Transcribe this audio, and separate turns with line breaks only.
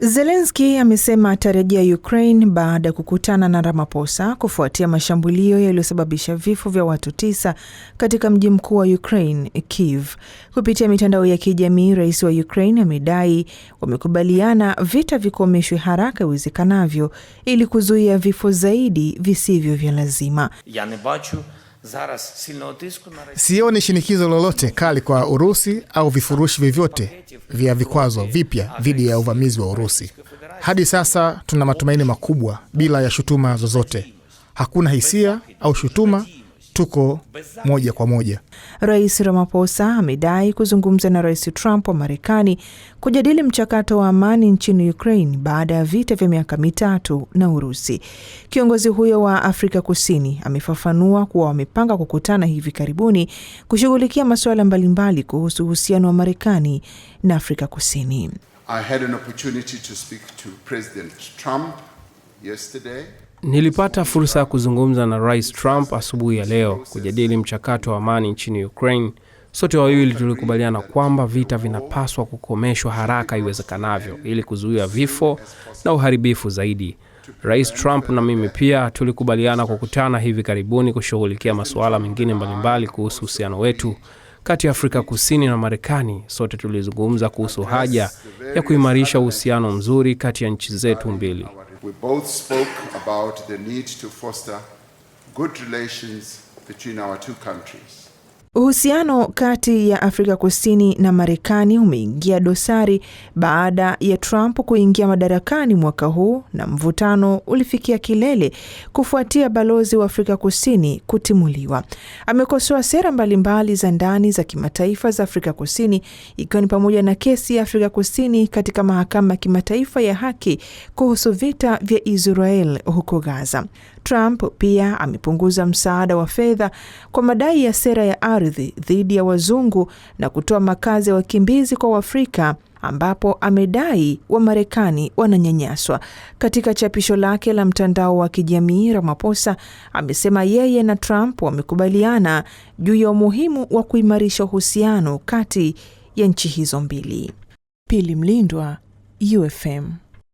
zelenski amesema atarejea Ukraine baada ya kukutana na Ramaphosa kufuatia mashambulio yaliyosababisha vifo vya watu tisa katika mji mkuu wa Ukraine, kiv Kupitia mitandao ya kijamii, rais wa Ukraine amedai wamekubaliana vita vikomeshwe haraka iwezekanavyo ili kuzuia vifo zaidi visivyo vya lazima.
Sioni shinikizo lolote kali kwa Urusi au vifurushi vyovyote vya vikwazo vipya dhidi ya uvamizi wa Urusi. Hadi sasa tuna matumaini makubwa bila ya shutuma zozote. Hakuna hisia au shutuma, tuko moja kwa moja.
Rais Ramaphosa amedai kuzungumza na Rais Trump wa Marekani kujadili mchakato wa amani nchini Ukraine baada ya vita vya miaka mitatu na Urusi. Kiongozi huyo wa Afrika Kusini amefafanua kuwa wamepanga kukutana hivi karibuni kushughulikia masuala mbalimbali kuhusu uhusiano wa Marekani na Afrika Kusini. I had an opportunity to speak to President
Trump yesterday. Nilipata fursa ya kuzungumza na Rais Trump asubuhi ya leo kujadili mchakato wa amani nchini Ukraine. Sote wawili tulikubaliana kwamba vita vinapaswa kukomeshwa haraka iwezekanavyo ili kuzuia vifo na uharibifu zaidi. Rais Trump na mimi pia tulikubaliana kukutana hivi karibuni kushughulikia masuala mengine mbalimbali kuhusu uhusiano wetu kati ya Afrika Kusini na Marekani. Sote tulizungumza kuhusu haja ya kuimarisha uhusiano mzuri kati ya nchi zetu mbili. we both spoke about the need to foster
good relations between our two countries. Uhusiano kati ya Afrika Kusini na Marekani umeingia dosari baada ya Trump kuingia madarakani mwaka huu na mvutano ulifikia kilele kufuatia balozi wa Afrika Kusini kutimuliwa. Amekosoa sera mbalimbali za ndani za kimataifa za Afrika Kusini ikiwa ni pamoja na kesi ya Afrika Kusini katika mahakama ya kimataifa ya haki kuhusu vita vya Israel huko Gaza. Trump pia amepunguza msaada wa fedha kwa madai ya sera ya ardhi ardhi dhidi ya wazungu na kutoa makazi ya wakimbizi kwa Waafrika ambapo amedai Wamarekani wananyanyaswa. Katika chapisho lake la mtandao wa kijamii, Ramaphosa amesema yeye na Trump wamekubaliana juu ya umuhimu wa kuimarisha uhusiano kati ya nchi hizo mbili. Pili Mlindwa, UFM.